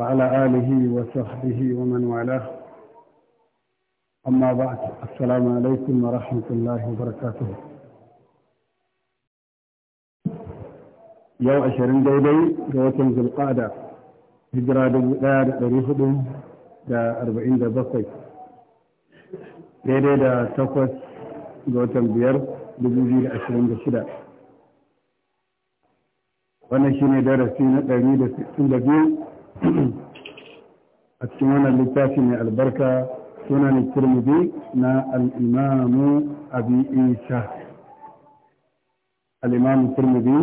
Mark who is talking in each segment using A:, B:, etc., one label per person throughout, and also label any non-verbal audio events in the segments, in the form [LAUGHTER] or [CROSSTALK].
A: وعلى آله وصحبه ومن والاه أما بعد السلام عليكم ورحمة الله وبركاته يوم عشرين دولي جوة ذي القعدة هجرة دولار دريخدم دا أربعين دا بقي ديدي دا takwas ga watan biyar dubu دا da ashirin da shida wannan shine darasi na ɗari da sittin da biyu a cikin wannan littafi mai albarka sunan turmudi na al'imamu abi isa al'imamu turmudi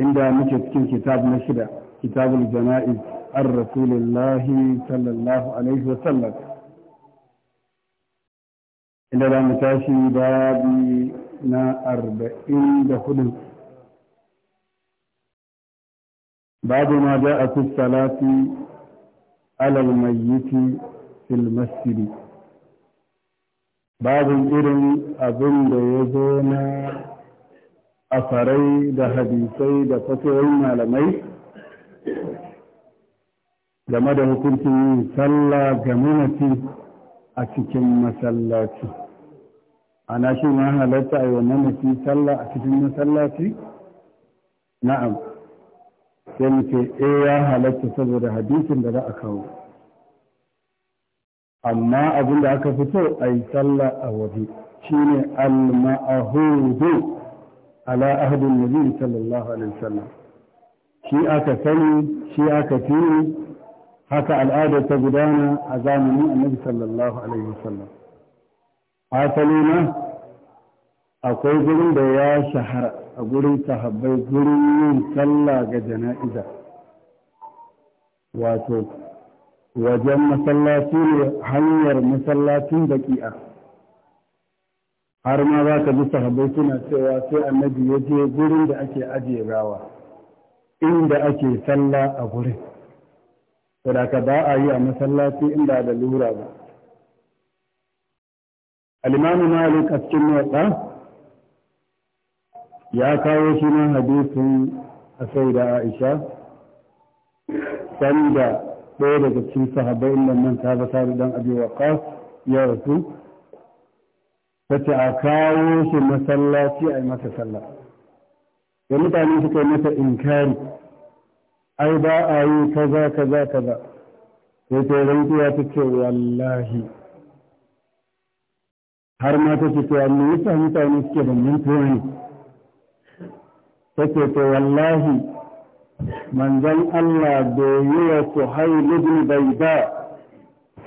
A: inda muke cikin kitab na shida kitabul jana'iz an rasulillahi sallallahu alaihi wasallam inda za mu tashi babi na arba'in da hudu باب ما جاء في الصلاة على الميت في المسجد باب إرن أبن يزونا أثري ده حديثي ده فتوين malamai. game da hukuncin yin sallah ga mamaci a cikin masallaci ana shi ma halatta a yi wa mamaci sallah a cikin masallaci na'am sai mu ce eh, ya halatta saboda hadisin da za a kawo amma abin da aka fito a yi sallah a waje shine al-ma'ahudu ala ahadin nabi sallallahu alaihi wasallam shi aka sani shi aka fi haka al'ada ta gudana a zamanin annabi sallallahu alaihi wasallam asali na akwai gurin da ya shahara a gurin sahabbai gurin yin sallah ga jana'iza wato wajen masallaci ne hanyar masallacin daƙia har ma za ka ji sahabbai suna cewa sai annabi ya je gurin da ake ajiye rawa inda ake sallah a gurin saboda ba a yi a masallaci inda da lura ba al-imamu malik a cikin motsa ya kawo shi hadisin a sai da aisha sanda ɗaya daga cikin sahabai nan nan ta ba sari dan abi waqas ya rasu tace a kawo shi masallaci a yi masa sallah da mutane suka yi masa inkari ai ba a yi kaza kaza kaza sai ta rantsuwa ya ce wallahi har ma ta ce to me yasa mutane suke da mantuwa ne take to wallahi manzon Allah bai yi wa Suhail ibn ba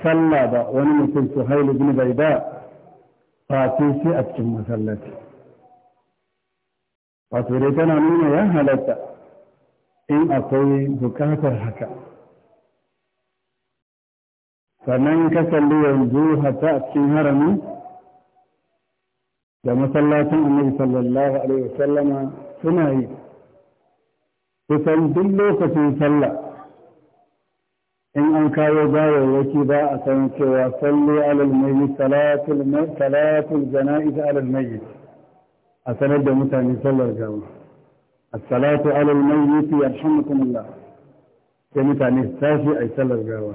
A: sallah ba wani mutum Suhail ibn ba fati shi a cikin masallaci wato dai tana nuna ya halatta in akwai bukatar haka sannan ka kalli yanzu hatta a cikin harami da masallacin annabi sallallahu alaihi wasallama suna yi kusan duk lokacin sallah in an kawo gawarwaki ba a san cewa sallu alal mayyit salatul salatul jana'iz alal mayyit a sanar da mutane sallar gawa as-salatu alal mayyit yarhamukumullah sai mutane su tashi ai sallar gawa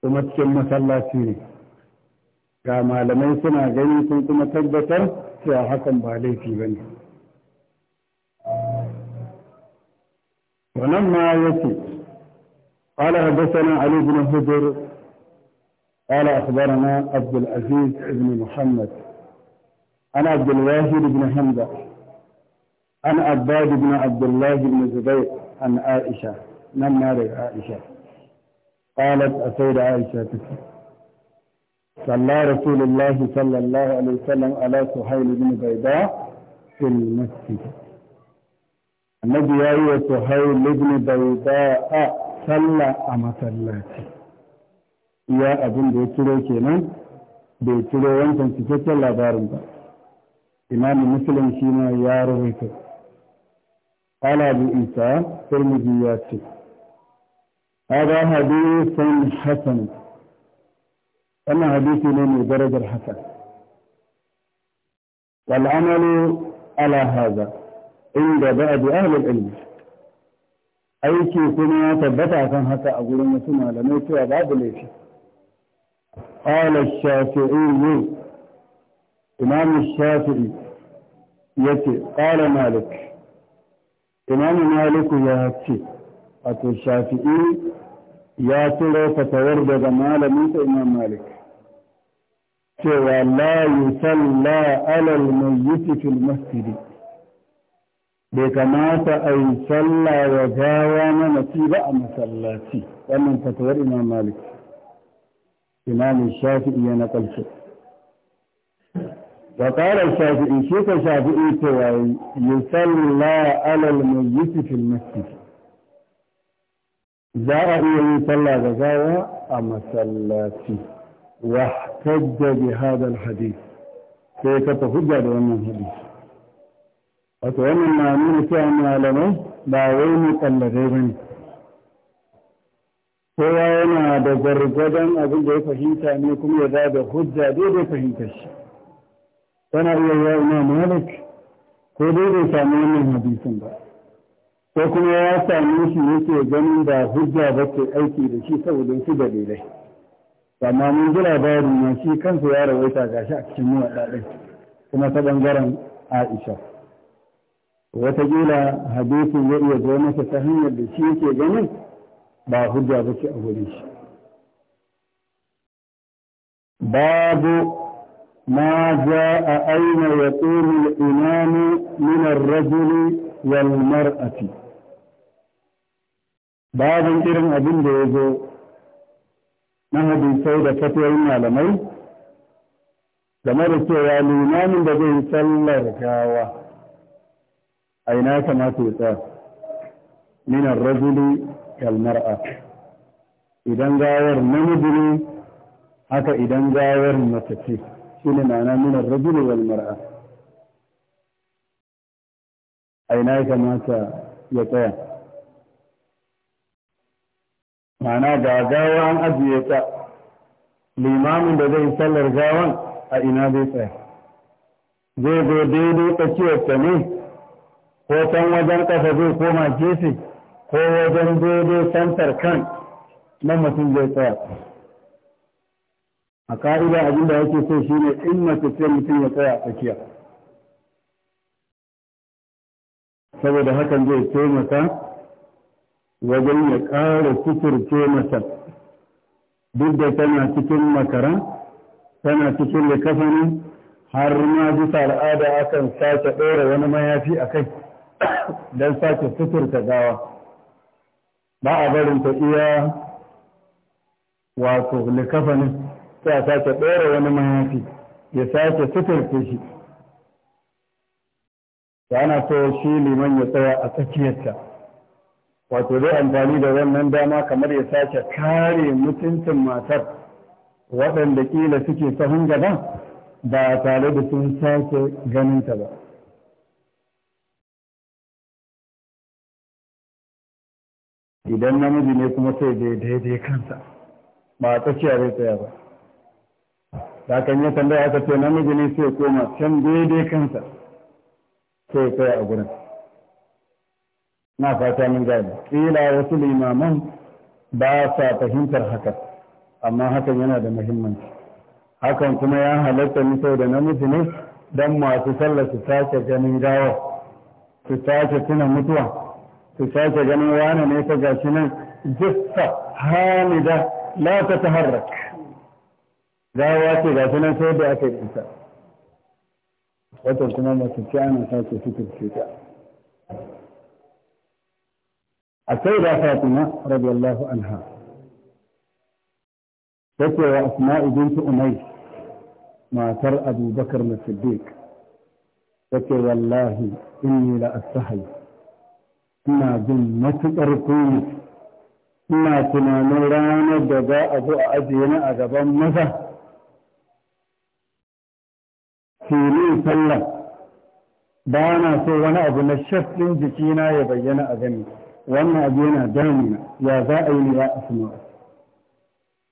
A: kuma cikin masallaci ne ga malamai suna gani sun kuma tabbatar cewa hakan ba laifi bane ولما يتي قال حدثنا علي بن هدر قال أخبرنا عبد العزيز بن محمد عن عبد الواحد بن حمزة عن عباد بن عبد الله بن زبير عن عائشة من نار عائشة قالت أسير عائشة صلى رسول الله صلى الله عليه وسلم على سهيل بن بيضاء في المسجد annabi ya yi wa suhail ibn bayda'a sallah a masallaci iya abin da ya ciro kenan bai ciro wancan cikakken labarin ba imam muslim shi ma ya rubuta ala bi isa tirmidhi ya ce hada hadithun hasan wannan hadisi ne mai darajar hasan wal amalu ala hadha inda ba'd ahli al aiki kuma ya tabbata kan haka a gurin wasu malamai cewa babu laifi قال الشافعي إمام الشافعي يتي قال مالك ya مالك ياتي أتو الشافعي ياتي لو فتورد مال منك إمام مالك cewa la yusalla alal mayyiti fil masjidi bai kamata a yi sallah ya gawa na mace ba a masallaci wannan fatawar imam malik imam shafi'i ya na ƙarshe da ƙarar shafi'i shi ka shafi'i ta cewa yi salla alal mayyiti fil masjid za a iya yi sallah ga gawa a masallaci wa hajja hadal hadith sai ka tafi da wannan hadith wato wannan na nuna cewa malamai ba wai mu tsallagai ba ne kowa yana da gwargwadon abin da ya fahimta ne kuma ya da hujja daidai fahimtar shi tana iya yi wa malik ko dai bai samu wannan hadisin ba ko kuma ya same shi yake ganin da hujja ba ke aiki da shi saboda su dalilai amma mun ji labarin shi kansa ya rawaita gashi a cikin mu kuma ta ɓangaren Aisha wataƙila hadisin ya iya zo masa ta hanyar da shi yake ganin ba hujja ba ce a wurin shi babu ma za a aina ya tsoro imamu minar rajuli wal mar'ati babin irin abin da ya zo na hadisai da fatiyar malamai game da cewa limamin da zai sallar gawa a ina ya kamata ya tsaya minar rajuli kalmar'a idan gawar namiji ne haka idan gawar mace ce shi ne ma'ana minar rajuli kalmar'a a ina ya kamata ya tsaya ma'ana ga gawa an ajiye ta limamin da zai sallar gawan a ina zai tsaya zai zo daidai tsakiyarta ne ko can wajen ƙasa zai koma gefe ko wajen daidai santar kan nan mutum zai tsaya a ka'ida abin da yake so shine in mace ce mutum ya tsaya a tsakiya saboda hakan zai taimaka wajen ya ƙara suturce mata duk da tana cikin makara tana cikin likafani har ma bisa al'ada akan sake ɗora wani mayafi a kai don sake suturta gawa ba a barin ta iya wato likafanin sai a sake ɗora wani mahafi ya sake suturta shi ta ana so shi liman ya tsaya a tsakiyarta wato zai amfani da wannan dama kamar ya sake kare mutuncin matar waɗanda ƙila suke sahun gaba ba tare da sun sake ganinta ba idan namiji ne kuma sai da daidai kansa ba a tsakiya zai tsaya ba da kan yi tambaya aka ce namiji ne sai koma can daidai kansa sai tsaya a gurin na fata min gani kila wasu limaman ba sa fahimtar haka amma hakan yana da muhimmanci hakan kuma ya halatta ni sau da namiji ne don masu sallar su sake ganin gawa su sake tuna mutuwa تساجد نوانا نيتجا شنا جثة هامدة لا تتحرك ذاواتي ذا شنا سيدة أكي الإنسان وتركم الله سبحانه وتعالى في فكر السيدة فاطمة رضي الله عنها تتوى أسماء بنت أميس ما ترى أبو بكر الصديق تتوى والله إني لا أستحي ina jin matuƙar kuyi ina tunanin ranar da za a zo a ajiye ni a gaban maza fili sallah ba na so wani abu na shafin jikina ya bayyana a gani wannan abu yana damina ya za a yi ni ya asma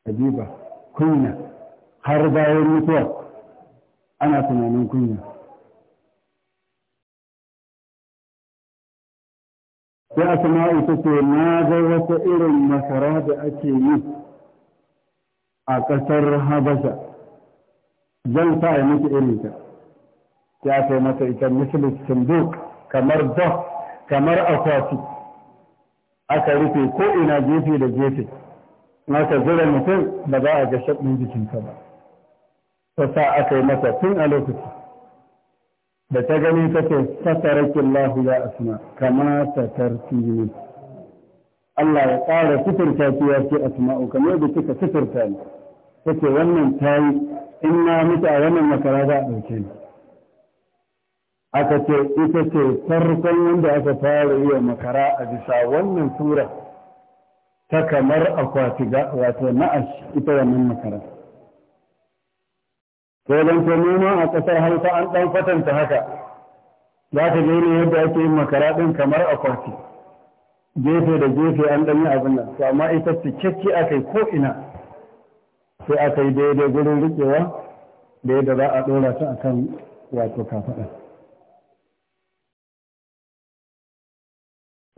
A: habiba kunya har bayan mutuwa ana tunanin kunya sai sama ita ce na ga wata irin masara da ake yi a ƙasar habasha zan sa yi miki irin ta ya ce mata ita mislis sunduk kamar daf kamar akwati aka rufe ko ina gefe da gefe aka zura mutum ba za a ga shaɗin jikinsa ba ta sa aka yi mata tun a lokaci da ta gani ta ce satarakin lahu ya asma kama satarki ne Allah ya ƙara suturta ki ya ce asma'u kamar da kika suturta ni ta ce wannan ta yi in na mutu a wannan makara za a ɗauke ni aka ce ita ce farkon wanda aka fara yi wa makara a bisa wannan tura ta kamar akwati wato na'ash ita wannan makara sai noma a ƙasar hausa an ɗan kwatanta haka za ka gani yadda ake yin makara ɗin kamar a kwarti gefe da gefe an ɗanyi abin nan to amma ita cikakke aka yi ko'ina sai aka yi daidai gurin riƙewa da yadda za a ɗora ta akan wato kafaɗa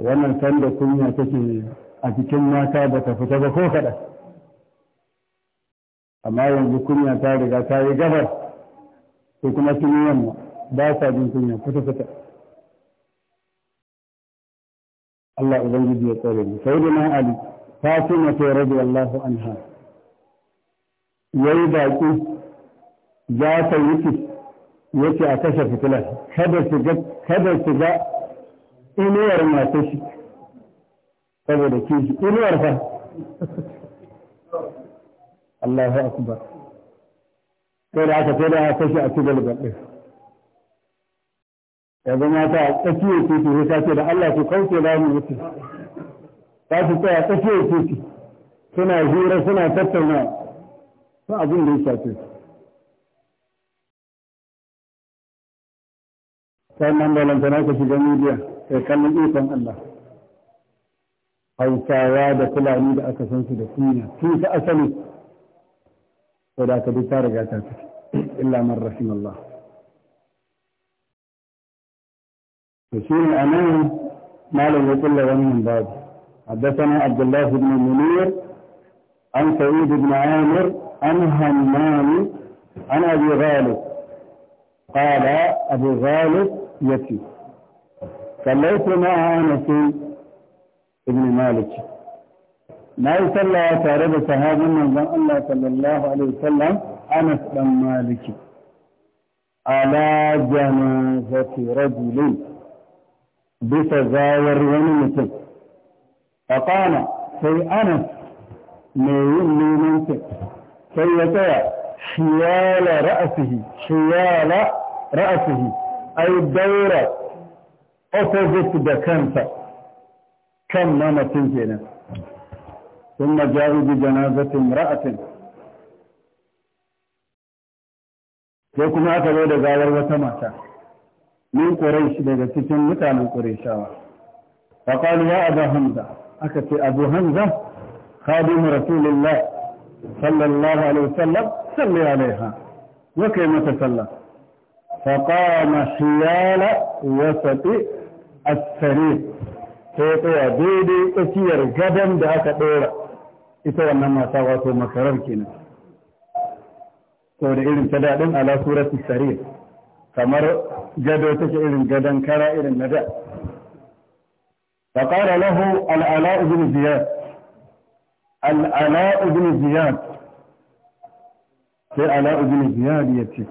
A: wannan sanda kunya take a cikin mata ba ta fita ba ko kaɗan amma yanzu kunya ta riga ta yi gabar ko kuma sun yamma ba sa jin kunya kusa-kusa Allah Ubangiji ya tsare ni. sai da Ali Fatima ta radiyallahu anha yayi baƙi, za ta yi ce a kashe fitilar kada su ga kada su ga inuwar matashi, shi saboda kishi inuwar fa الله أكبر كل عاد كل عاد تشاء كل قلبه إذا ما تا تشيء تشيء هي تشاء الله تكون كلا من يشاء تاسع تا تشيء تشيء سنا زورا سنا تتنا فأظن ليش تشيء كان من دون تناك شجني بيا كان من إيمان الله أو كواد كل عيد أكثر من سبعين كيف أصله ولا تبي تارك عتاتك إلا من رحم الله وشير الأمان ما لم يطل ومن بعد حدثنا عبد الله بن منير عن سعيد بن عامر عن همام عن أبي غالب قال أبو غالب يتي صليت مع أنس بن مالك na yi sallah tare da sahabin manzon Allah sallallahu alaihi wasallam Anas dan Maliki ala janazati rajulin bisa gawar wani mutum faqala sai Anas me yin neman sai ya tsaya shiyala ra'asihi shiyala ra'asihi ai daura opposite da kansa kan mamacin kenan ثم جاءوا بجنازة امرأة sai kuma aka zo da gawar wata mata min quraish daga cikin mutanen qurayshawa fa qalu ya abu hamza aka ce abu hamza khadim rasulullah sallallahu alaihi wasallam salli alaiha wa kai mata sallah fa qama hiyala wasati as-sarir sai tsaya daidai tsakiyar gadon da aka ɗora ita wannan mata wato makarar kenan saboda irin ta daɗin ala suratu sarir kamar gado take irin gadon kara irin na da فقال له العلاء بن زياد العلاء بن زياد في علاء بن زياد يتي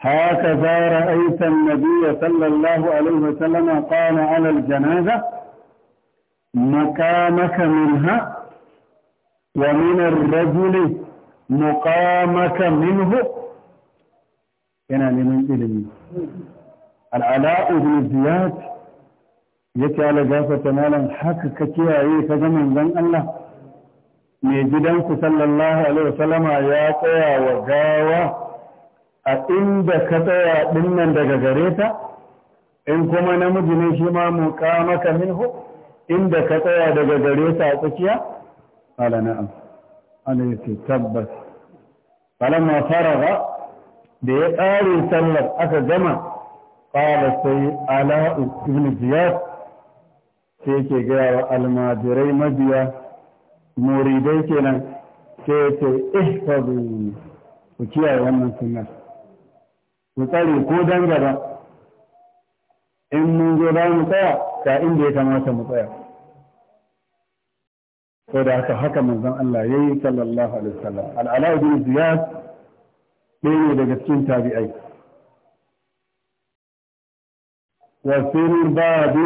A: هكذا رأيت النبي صلى الله عليه وسلم قال على الجنازة مقامك منها ومن الرجل مقامك منه yana neman ilimi al'ala'u bin ziyad ya ce ala gafata malam haka ka kiyaye ka ga manzon Allah mai gidanku sallallahu alaihi wasallama ya tsaya wa gawa a inda ka tsaya dinnan daga gare in kuma namiji ne shi ma muka maka minhu inda ka tsaya daga gare sa a tsakiya ala na'am ala yake tabbas fara ba. da ya ƙare sallar aka gama ƙara sai alau ibn ziyad sai yake gaya wa almajirai mabiya muridai kenan sai yake ihfazu ku kiyaye wannan sunan. ku tsare ko dan gaba in mun je za mu tsaya ga inda ya kamata mu tsaya ko da haka haka manzon Allah yayi sallallahu alaihi wasallam al-ala ibn ziyad ɗaya ne daga cikin tabi'ai wa sirr babu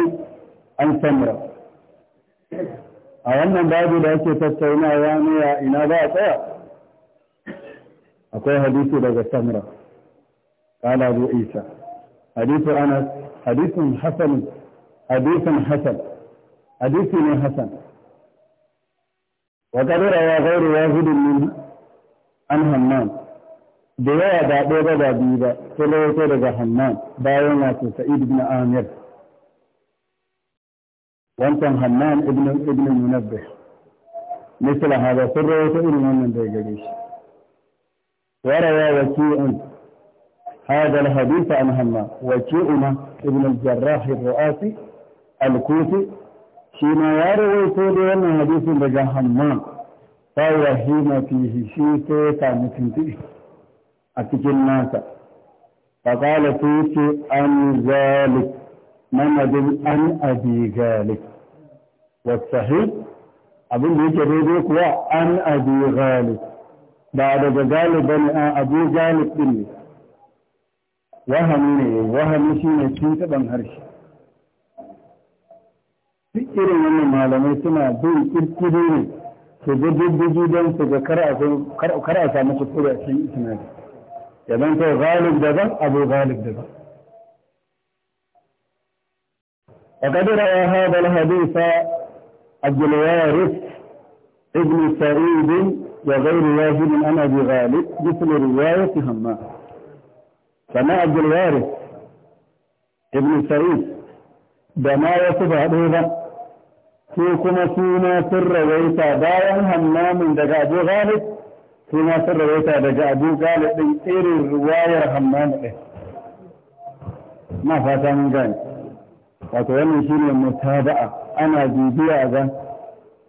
A: an samra a wannan babu da ake tattaunawa ne ya ina ba a tsaya akwai hadisi daga samra قال أبو عيسى حديث أنس حديث حسن حديث حسن حديث حسن وقد روى غير واحد من عن همام دواء بعد بعد بعد تلو تلو همام باون سعيد بن عامر وانت همام ابن ابن المنبه مثل هذا سر وتقول من ذا جريش وروى وكيع هذا الحديث عن همام وجئنا ابن الجراح الرؤاسي الكوفي فيما يروي سوري أن حديث لقى همام فوهم فيه شيء سيسا متنتبه أتجي الناس فقال سيسي ان ذلك منذ ان أبي ذلك والصحيح أبو da yake وأن أبي غالب بعد ذلك أبو daga galib wahami ne wahami shi ne cin taɓan harshe duk irin wannan malamai suna bin kirkiri ne su ga diddigi don su ga kar a samu kuskure a cikin isnadi ya zan ta galib daban abu galib daban وقد رأى هذا الحديث عبد الوارث ابن سعيد وغير واجب عن أبي غالب مثل رواية همام سماء عبد الوارث ابن سعيد بما يصف هذا في كما فينا سر ويتا بايا همام دجا ابو غالب فينا سر ويتا دجا ابو غالب دي اير الرواية همام إيه. دي ما فاتا من جاني فاتوان يشير المتابعة انا دي بيا ذا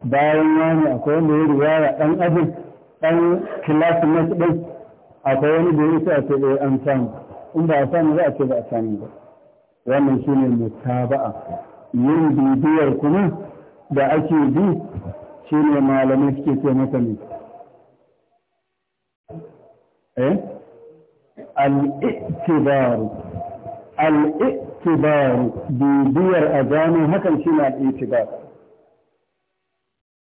A: بايا ماني يعني اكوان دي رواية ان اجل ان كلاس المسبس اكوان دي رسالة الانسان إيه in ba a sami za a ce ba a sami ba wannan shi ne mutaba'a yin bibiyar kuma da ake bi shi ne malamai suke ce mata ne eh al bibiyar a gano hakan shi ne al-ittibaru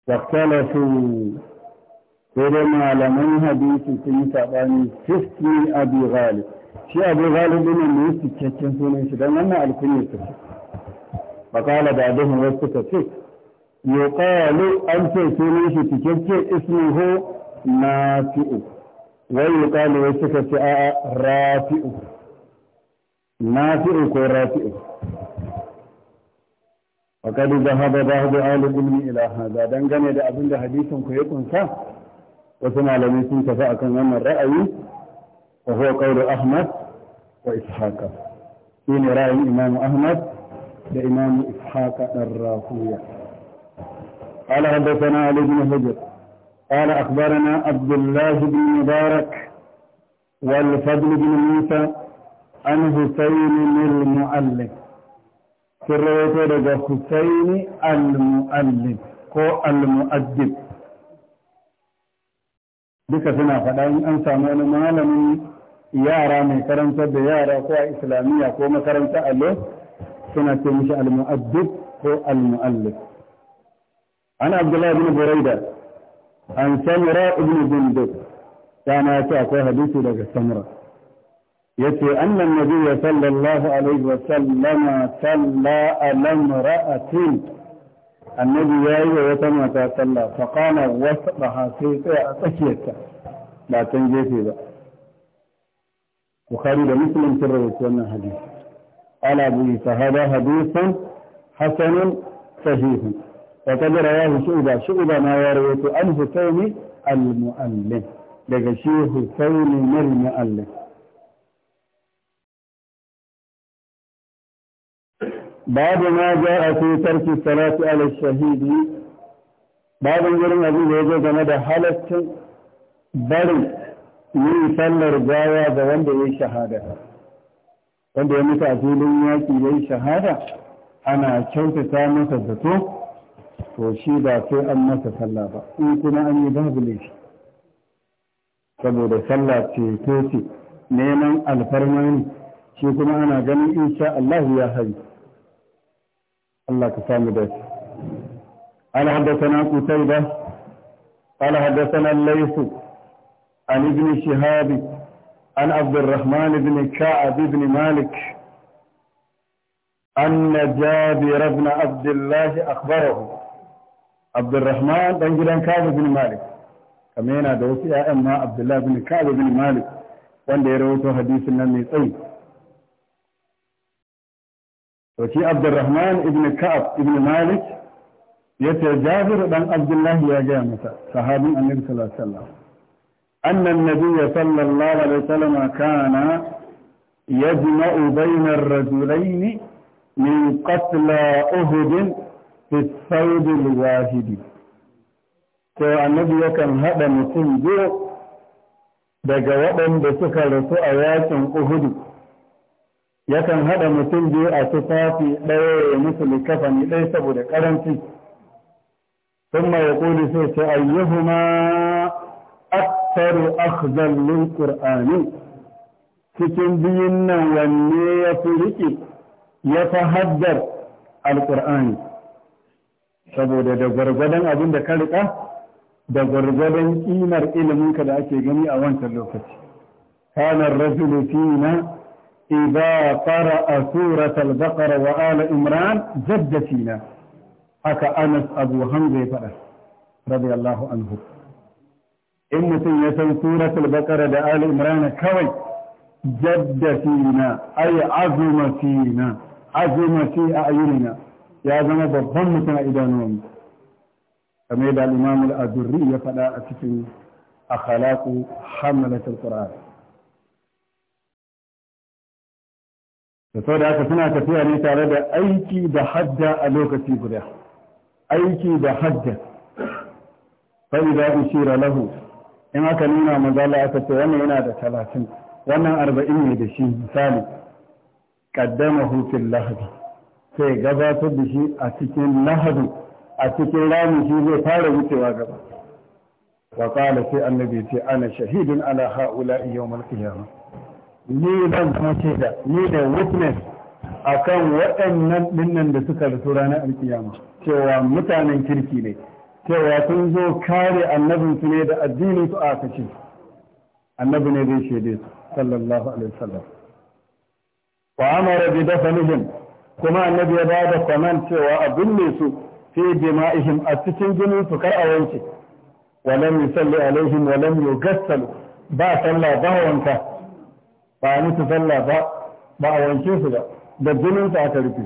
A: واختلفوا Sai dai malaman hadisi sun yi saɓani fiski abu ghalib shi abu ghalib ne mai cikakken sunan shi don wannan alkunyar Ba kala da duhun wasu suka ce yuqalu an ce sunan shi cikakke ismuhu nafi'u wai yuqalu wasu suka ce a'a rafi'u Fi'u ko rafi'u fakadu zahaba bahu ahlul ilmi ila hada dangane da abinda hadisin ku ya kunsa وسمع على ميسين تفاعك من الرأي وهو قول أحمد وإسحاق إن رأي إمام أحمد لإمام إسحاق الرافية قال حدثنا علي بن هجر قال أخبرنا عبد الله بن مبارك والفضل بن موسى عن حسين المؤلف في الرواية لدى حسين المؤلف هو المؤدب duka suna faɗa in an samu wani malamin yara mai karantar da yara ko a islamiyya ko makaranta a lo suna ce mishi al-mu'addib ko al-mu'allif ana abdullahi bin buraida an samura ibn jundub ya na ce akwai hadisi daga samura yace annan nabiyya sallallahu alaihi wa sallama salla ala imra'atin annabi ya yi wa wata mata sallah fa kana wasu ɗaha sai tsaya a tsakiyarta ba can gefe ba bukhari da muslim sun rawaito wannan hadisi ala abu isa hada hadisan hasanun sahihun wa qad rawahu shu'ba shu'ba ma ya rawaito an husayni al-mu'allim daga shi husayni al-mu'allim babu ma ja'a fi tarki salati ala shahidi babin gurin abin da yazo game da halaccin barin yin sallar gawa ga wanda ya shahada wanda ya mutu a filin yaƙi ya yi shahada ana kyautata masa zato to shi ba sai an masa sallah ba in kuma an yi babu laifi saboda sallah ceto ce neman alfarma shi kuma ana ganin insha Allahu ya hari الله كسام داس قال حدثنا قتيبة قال حدثنا الليث عن ابن شهاب عن عبد الرحمن بن كعب بن مالك أن جابر بن عبد الله أخبره عبد الرحمن بن جلان كعب بن مالك كما ينا دوسي أما عبد الله بن كعب بن مالك وان ديروتو حديث النمي طيب وكي عبد الرحمن ابن كعب ابن مالك يتي جابر بن عبد الله يا جامعة صحابي النبي صلى الله عليه وسلم أن النبي صلى الله عليه وسلم كان يجمع بين الرجلين من قتل أهد في الصيد الواحد النبي يكن هذا مسلم دو دقوة بسكرة أهد yakan haɗa mutum biyu a tufafi ɗaya ya musu likafani ɗaya saboda ƙaranci ثم يقول سيس أيهما أكثر min للقرآن cikin biyun nan wanne ya fi riƙe ya fi haddar alƙur'ani saboda da gwargwadon abin da ka riƙa da gwargwadon ƙimar iliminka da ake gani a wancan lokaci kanar rajulu fina إذا قرأ سورة البقرة وآل إمران جد فينا حكى أنس أبو هنغي رضي الله عنه إن يسن سورة البقرة وآل إمران كوي جد فينا أي عظم فينا عظم في أعيننا يا زمان بظمتنا إذا نوم كما الإمام الأزري فلا أتكلم أخلاق حملة القرآن da sau da haka suna tafiya ne tare da aiki da hadda a lokaci guda aiki da hadda sai da ishira lahu in aka nuna manzala aka ce wannan yana da talatin wannan arba'in ne da shi misali kaddama hutun lahadi sai gabatar da shi a cikin lahadi a cikin rami shi zai fara wucewa gaba wa sai annabi ce ana shahidun ala ha'ula'i yawmal qiyamah ni zan zama da ni da witness a kan waɗannan dinnan da suka rasu ranar alkiyama cewa mutanen kirki ne cewa sun zo kare annabinsu ne da addinin su aka ce annabi ne zai shaide su sallallahu alaihi wasallam wa amara bi dafanihim kuma annabi ya bada kwaman cewa a binne su fi jima'ihim a cikin jinin su kar a wanke walam yusalli alaihim walam yugassalu ba sallah ba wanka ba a musu sallah ba ba a wanke su ba da jinin aka rufe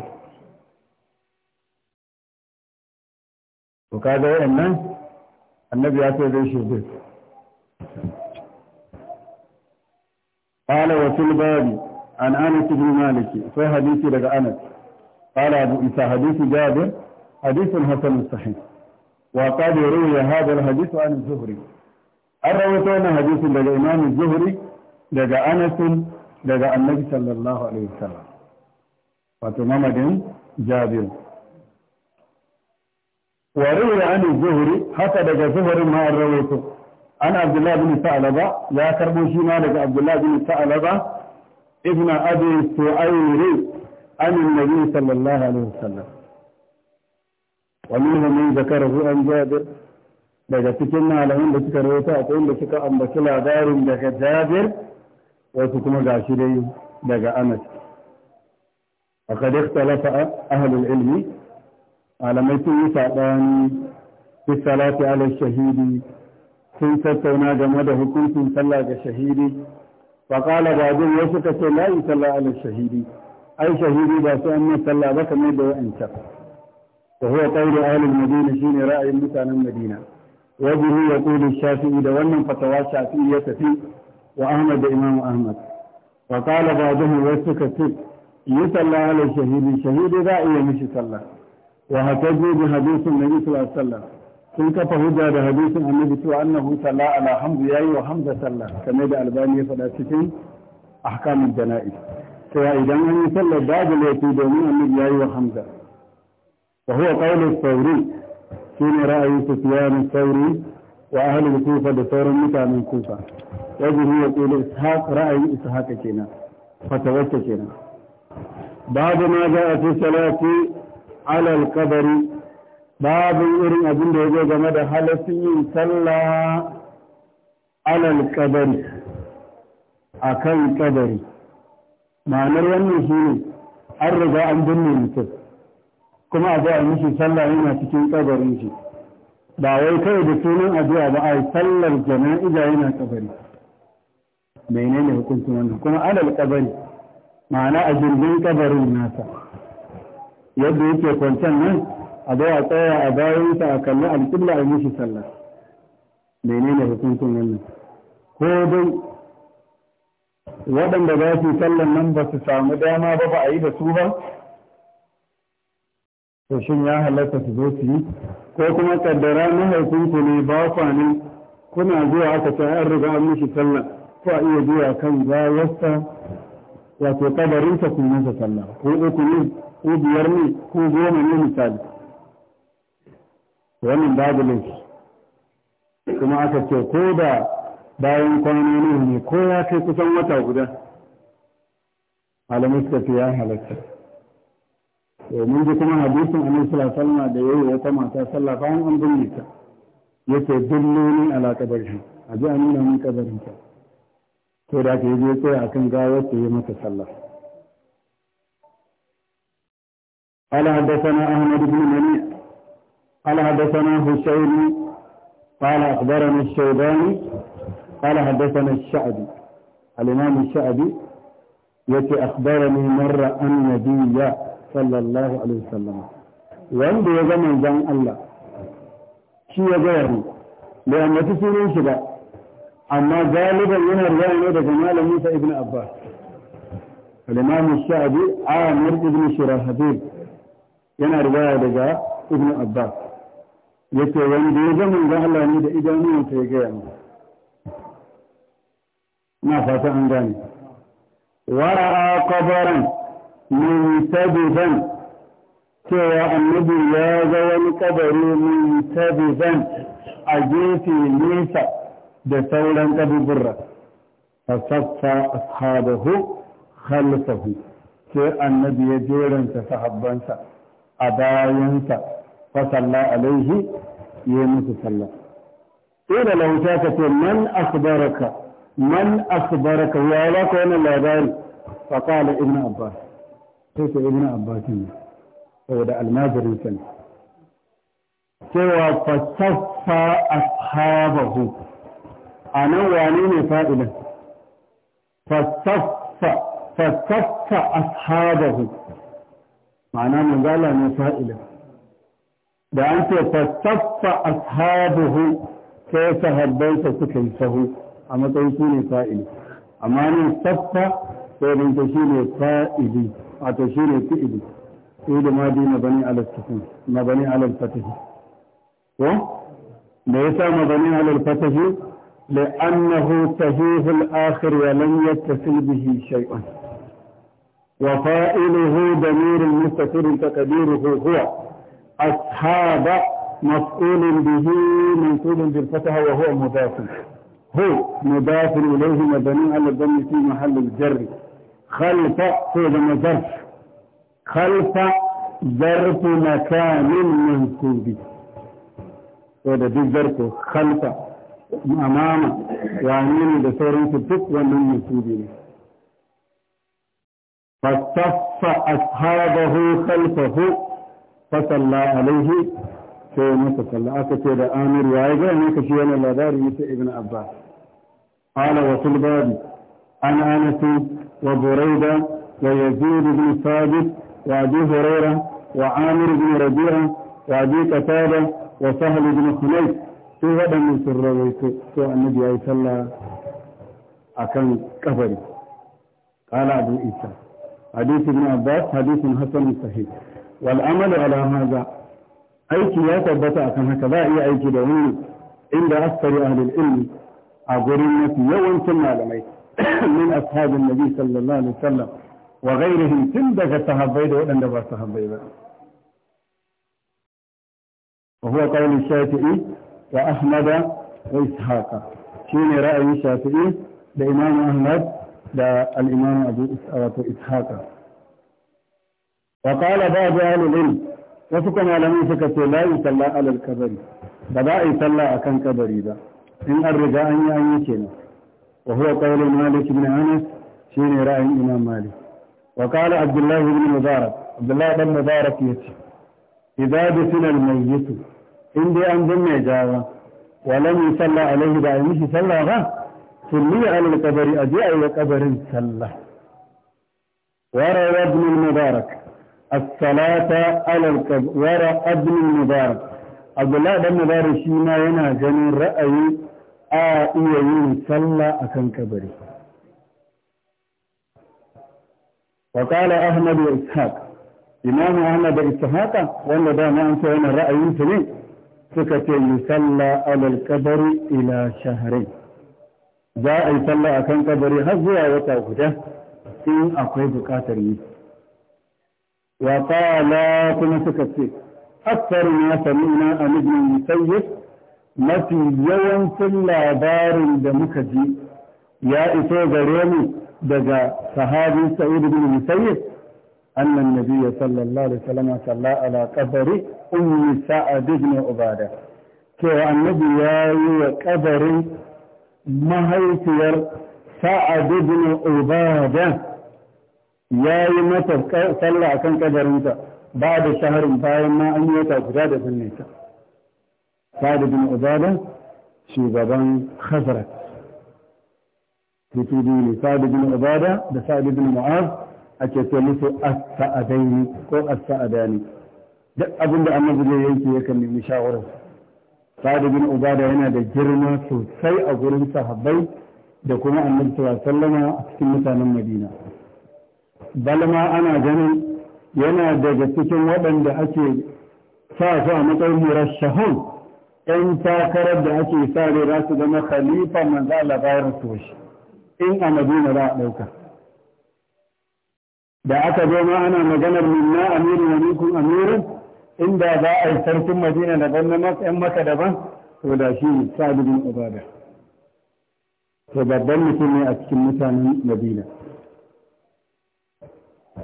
A: to kaga wayannan annabi ya ce zai shirye قال وفي الباب عن انس بن مالك في حديث لك انس قال ابو عيسى حديث جابر حديث حسن صحيح وقد روي هذا الحديث عن الزهري الرويتون حديث لك امام الزهري daga anasin daga annabi sallallahu alaihi wasallam wato mamadin jabir wa da an zuhri haka daga zuhrin ma rawaito ana abdullahi bin sa'alaba ya karbo shi ma daga abdullahi bin sa'alaba ibn abi su'ayri an annabi sallallahu alaihi wasallam wa minhum zakarahu an jabir daga cikin malamin da suka rawaito akwai da suka ambaci labarin daga jabir wasu kuma ga shi dai daga anas a kadai talafa ahalul ilmi malamai sun yi saɓani fi ala shahidi sun tattauna game da hukuncin sallah ga shahidi fa qala jin wasu ka ce la sallah ala shahidi ai shahidi ba su annan sallah ba kamar da wa'ancan wa huwa qawlu ahli madina shine ra'ayin mutanen madina wajibi ya yaqulu shafi'i da wannan fatawa shafi'i ya tafi وأحمد إمام أحمد وقال بعضهم وسكتت يصلى على الشهيد شهيد ذا إيه مش صلى وهتجوا بحديث النبي صلى الله عليه وسلم sun kafa hujja da hadisin annabi cewa annahu salla ala hamdu yayi wa hamza sallah kamar da albani ya faɗa cikin ahkamul jana'i cewa idan an yi sallar babu laifi domin annabi yayi wa hamza wa huwa qawlu thawri shine ra'ayi sufyan thawri wa kufa da sauran mutanen kufa wajen ya ƙulu ishaq ra'ayin ishaq kenan ke kenan babu ma za a fi salati alal kabari babu irin abin da ya zo game da halattun yin sallah alal kabari a kan kabari ma'anar wannan shi ne an riga an binne mutum kuma a a mishi sallah yana cikin kabarin shi ba wai kai da sunan addu'a ba a yi sallar jana'iza yana kabari menene hukuncin wannan kuma alal kabari ma'ana a jirgin kabarin nasa yadda yake kwancan nan a zo a tsaya a bayan a kalli alƙibla a mishi sallah menene hukuncin wannan ko dai waɗanda za su sallan nan ba su samu dama ba ba a yi da su ba to shin ya halatta su zo su yi ko kuma kaddara mahaifinku ne ba kwanin kuna zuwa aka ce an riga an mishi sallah ko a iya biya kan gawasta wato kabarinsa kun masa sallah ko uku ne ko biyar ne ko goma ne misali wannan babu laifi kuma aka ce ko da bayan kwanoni ne ko ya kai kusan wata guda malamai suka ce ya halatta mun ji kuma hadisin annabi sallallahu alaihi da yayi wata mata sallah bayan an binne ta yace dulluni ala kabarin a ji a nuna mun kabarin ta to da ka yi tsaya akan gawar ta yi masa sallah قال حدثنا أحمد بن منيع قال حدثنا حسين قال أخبرنا الشيباني قال حدثنا الشعبي الإمام الشعبي يتي أخبرني مرة النبي صلى الله عليه وسلم وعند يزمن زمن الله شي يغير لأن تسيرين شباب amma galiban yana ruwa ne daga malam Musa ibn Abbas al-Imam Sha'bi Amir ibn Shirahabil yana ruwa daga ibn Abbas yake wanda ya zama ga Allah ne da idanun ta ya gaya mu na fata an gane wara'a qabaran min tabiban cewa annabi ya ga wani kabari min tabiban a gefe nesa da sauran kaburburra fasaffa ashabahu khalfahu sai annabi ya jeranta sahabbansa a bayansa fa salla alaihi ya musu sallah ila lauta ka ce man akhbaraka man akhbaraka ya ba ka wannan labari fa qala ibnu abbas sai ce ibnu abbas ne saboda almajirin sa cewa fasaffa ashabahu a nan wane ne fa'ilin fasaffa ashabahu ma'ana manzala ne fa'ilin da an ce fasaffa ashabahu sai sahabbansa suka yi sahu a matsayin su ne fa'ili amma ne saffa sai rinta shi ne fa'ili wato shi ne fi'ili sai da madi mabani alal sukun mabani alal ko da ya sa mabani alal fatahi لأنه تهيه الآخر ولم يتصل به شيء وفائله ضمير المستتر تقديره هو أصحاب مفعول به منصوب بالفتحة وهو مضاف هو مضاف إليه مبني على الضم في محل الجر خلف فعل مضاف خلف ظرف مكان منصوب وده بالظرف خلف amama wane ne da sauransu duk wannan musubi ne fastaffa ashabahu khalfahu fasalla alaihi sai masa salla aka ce da amir waye ga ne kashi wannan labari ne ibnu abbas qala wa fil babi anas wa burayda wa yazid ibn sabit wa abi hurayra wa amir bin rabi'a wa abi qatada wa sahl ibn hunayf وغدن من سرويته سواء النبي عليه الصلاة أكان كفري قال أبو إيسا حديث ابن عباس حديث حسن صحيح والعمل على هذا أي شيء يتبتع كان هكذا أي أي شيء دعوني عند أكثر أهل العلم أقرنة يوم ثم علمي [COUGHS] من أصحاب النبي صلى الله عليه وسلم وغيرهم تندك التحبيد وإن دفع التحبيد وهو قول الشافعي wa ahmada wa ishaqa ne ra'ayin shafi'i da imamu ahmad da al-imamu abu wato ishaqa wa qala ba'd ahlul ilm wasu kuma malamin suka ce la yusalla ala al-kabari ba za a yi sallah akan kabari ba in an riga an yi an yi kenan wa huwa qawlu malik ibn anas shine ra'ayin imam malik wa qala abdullah ibn mubarak Abdullahi ibn mubarak yace idza dufina al-mayyit in dai an binne gawa walam yi sallah alaihi غا a mishi sallah ba sulli alal kabari وروى ابن المبارك الصلاة على القبر وروى ابن المبارك عبد الله بن مبارك شيما ينا جن رأي آئيين صلى أكن كبري وقال أحمد وإسحاق إمام أحمد وإسحاق وأن دا ما أنت وأنا رأي سنين suka ce yusalla alal kabari ila shaharai za a yi sallah a kan kabari har zuwa wata guda in akwai bukatar yi wa qala kuma suka ce akthar ma sami'na a ibn musayyib mafi yawancin labarin da muka ji ya iso gare mu daga sahabi sa'id ibn musayyib أن النبي صلى الله عليه وسلم صلى على قبر أم سعد بن عبادة كو أن النبي يا قبر مهيثير سعد بن عبادة يا متب صلى عكم قبر انت بعد شهر فائم ما أن يتأخذ في النساء سعد بن عبادة شبابا خزرت بتودين سعد بن عبادة بسعد بن معاذ ake ce musu as-sa'adaini ko as-sa'adani duk abin da annabi zai yanke ya kan nemi shawarar sa'ad bin ubada yana da girma sosai a gurin sahabbai da kuma annabi sallallahu alaihi a cikin mutanen madina balma ana ganin yana daga cikin waɗanda ake sa su a matsayin murashahun ‘yan takarar da ake sa rai za su zama khalifa manzo Allah bayan shi in a madina za a ɗauka da aka zo ma ana maganar minna amiru wa minkum amiru inda za a yi sarkin madina daban na yan maka daban to da shi ne sa'ad bin ubada to babban mutum ne a cikin mutanen madina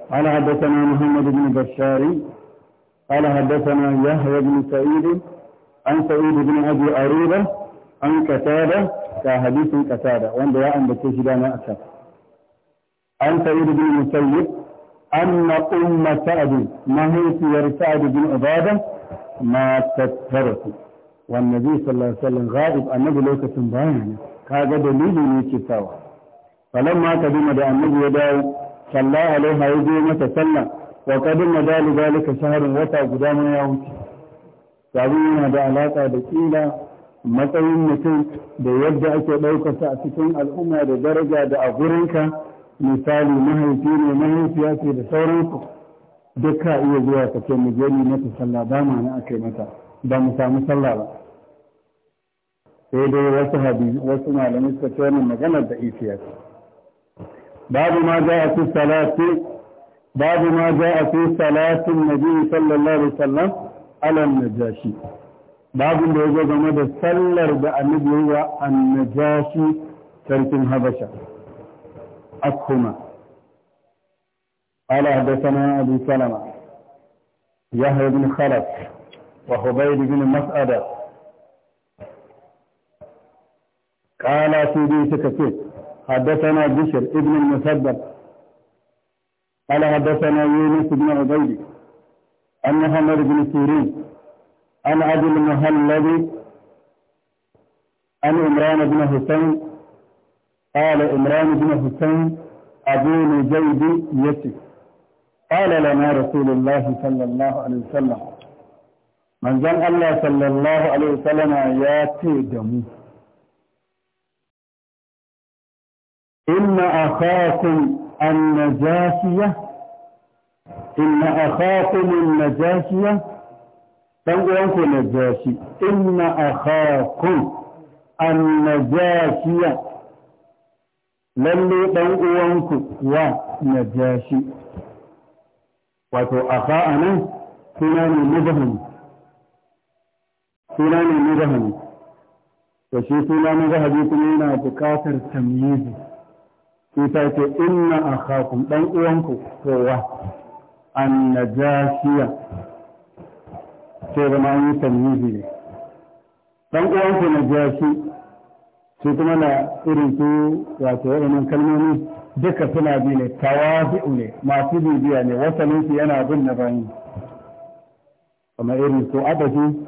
A: قال حدثنا محمد بن بشار قال حدثنا يحيى بن سعيد عن سعيد بن ابي عروبه عن كتابه كحديث كتابه وان دعاء بكيش دانا اكثر عن سعيد بن المسيب أن أم سعد مهيتي سعد بن عبادة ما تترك والنبي صلى الله عليه وسلم غائب النبي لوكة باينة هذا دليل لكتاوة فلما قدم دا النبي يداو صلى عليها يجي متسلم وقدم دا لذلك شهر وتا قدام يوتي فأبينا دا علاقة بكيلة matsayin mutum da yadda ake ɗaukarsa a cikin al'umma da daraja da a gurinka misali mahaifi ne mahaifiya ce da sauransu duk ka iya zuwa ka ce mu je mu mata sallah ba ma na aka yi mata ba mu samu sallah ba sai dai wasu hadisi wasu malamai suka ce wannan maganar da isiya ce babu ma za a fi salati babu ma za a fi salatin nabi sallallahu alaihi wasallam ala najashi babu da yazo game da sallar da annabi wa annajashi sarkin habasha أكهما قال حدثنا أبو سلمة يحيى بن خلف وحبيب بن مسعدة قال سيدي سكتيك حدثنا بشر ابن المسدد قال حدثنا يونس بن عبيد أن محمد بن سيرين أن عبد المهلب أن عمران بن حسين قال إمران بن حسين أبو زيد يتي قال لنا رسول الله صلى الله عليه وسلم من زن الله صلى الله عليه وسلم ياتي دمو إن أخاكم النجاشية إن أخاكم النجاشية تنقلوا نجاشي إن أخاكم النجاشية lalle dan uwanku wa najashi wato akha nan suna ne mubahim suna ne mubahim to shi suna na zahabi kuma yana buƙatar tamyizi shi ta ce inna akhakum dan uwanku kowa an najashiya ce zama an yi tamyizi ne dan uwanku najashi su kuma na irin su wato waɗannan kalmomi duka suna bi ne tawazi'u ne masu bibiya ne wasalinsu yana bin na bayan kamar irin su adadi